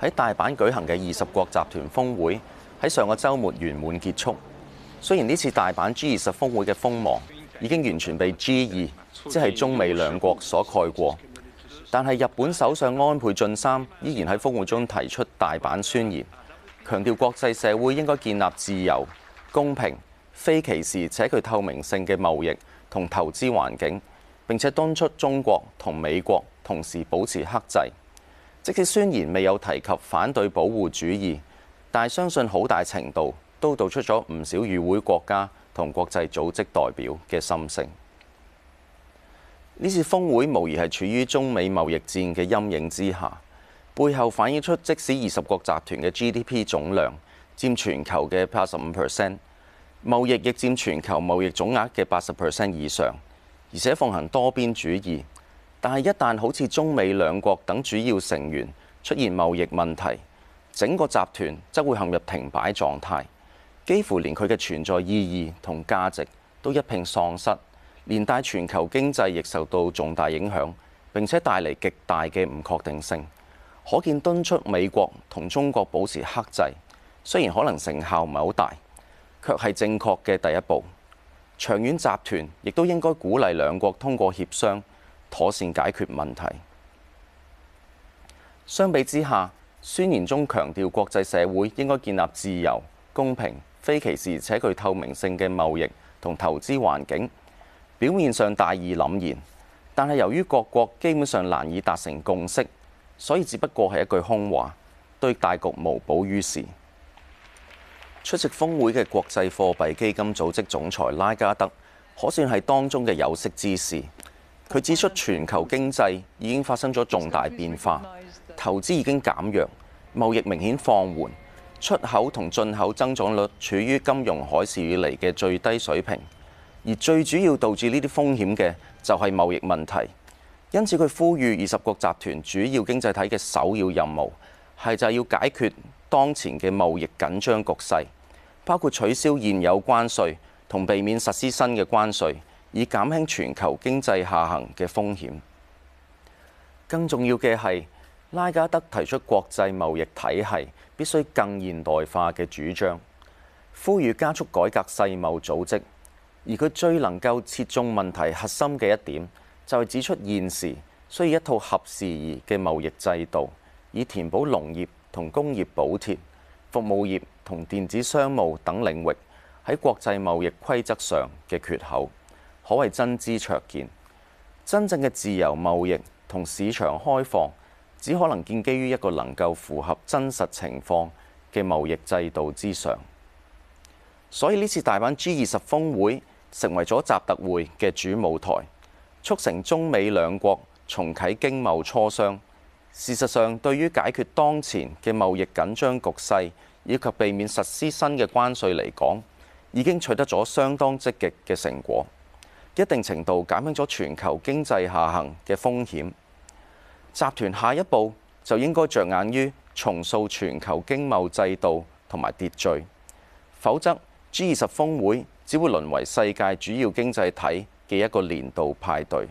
喺大阪舉行嘅二十國集團峰會喺上個週末圓滿結束。雖然呢次大阪 G 二十峰會嘅鋒芒已經完全被 G 二即係中美兩國所蓋過，但係日本首相安倍晉三依然喺峰會中提出大阪宣言，強調國際社會應該建立自由、公平、非歧視且具透明性嘅貿易同投資環境。並且敦促中國同美國同時保持克制。即使雖然未有提及反對保護主義，但相信好大程度都道出咗唔少與會國家同國際組織代表嘅心聲。呢次峰會無疑係處於中美貿易戰嘅陰影之下，背後反映出即使二十國集團嘅 GDP 總量佔全球嘅八十五 percent，貿易亦佔全球貿易總額嘅八十 percent 以上，而且奉行多邊主義。但係，一旦好似中美兩國等主要成員出現貿易問題，整個集團則會陷入停擺狀態，幾乎連佢嘅存在意義同價值都一並喪失，連帶全球經濟亦受到重大影響，並且帶嚟極大嘅唔確定性。可見，敦促美國同中國保持克制，雖然可能成效唔係好大，卻係正確嘅第一步。長遠集團亦都應該鼓勵兩國通過協商。妥善解決問題。相比之下，宣言中強調國際社會應該建立自由、公平、非歧視且具透明性嘅貿易同投資環境，表面上大義凜然，但係由於各國基本上難以達成共識，所以只不過係一句空話，對大局無補於事。出席峰會嘅國際貨幣基金組織總裁拉加德，可算係當中嘅有識之士。佢指出，全球經濟已經發生咗重大變化，投資已經減弱，貿易明顯放緩，出口同進口增長率處於金融海嘯以嚟嘅最低水平。而最主要導致呢啲風險嘅就係貿易問題。因此，佢呼籲二十國集團主要經濟體嘅首要任務係就係要解決當前嘅貿易緊張局勢，包括取消現有關稅同避免實施新嘅關稅。以減輕全球經濟下行嘅風險。更重要嘅係，拉加德提出國際貿易體系必須更現代化嘅主張，呼籲加速改革世貿組織。而佢最能夠切中問題核心嘅一點，就係指出現時需要一套合時宜嘅貿易制度，以填補農業同工業補貼、服務業同電子商務等領域喺國際貿易規則上嘅缺口。可謂真知灼見。真正嘅自由貿易同市場開放，只可能建基於一個能夠符合真實情況嘅貿易制度之上。所以呢次大阪 G 二十峰會成為咗習特會嘅主舞台，促成中美兩國重啟經貿磋商。事實上，對於解決當前嘅貿易緊張局勢，以及避免實施新嘅關稅嚟講，已經取得咗相當積極嘅成果。一定程度減輕咗全球經濟下行嘅風險，集團下一步就應該着眼於重塑全球經貿制度同埋秩序，否則 G 二十峰會只會淪為世界主要經濟體嘅一個年度派對。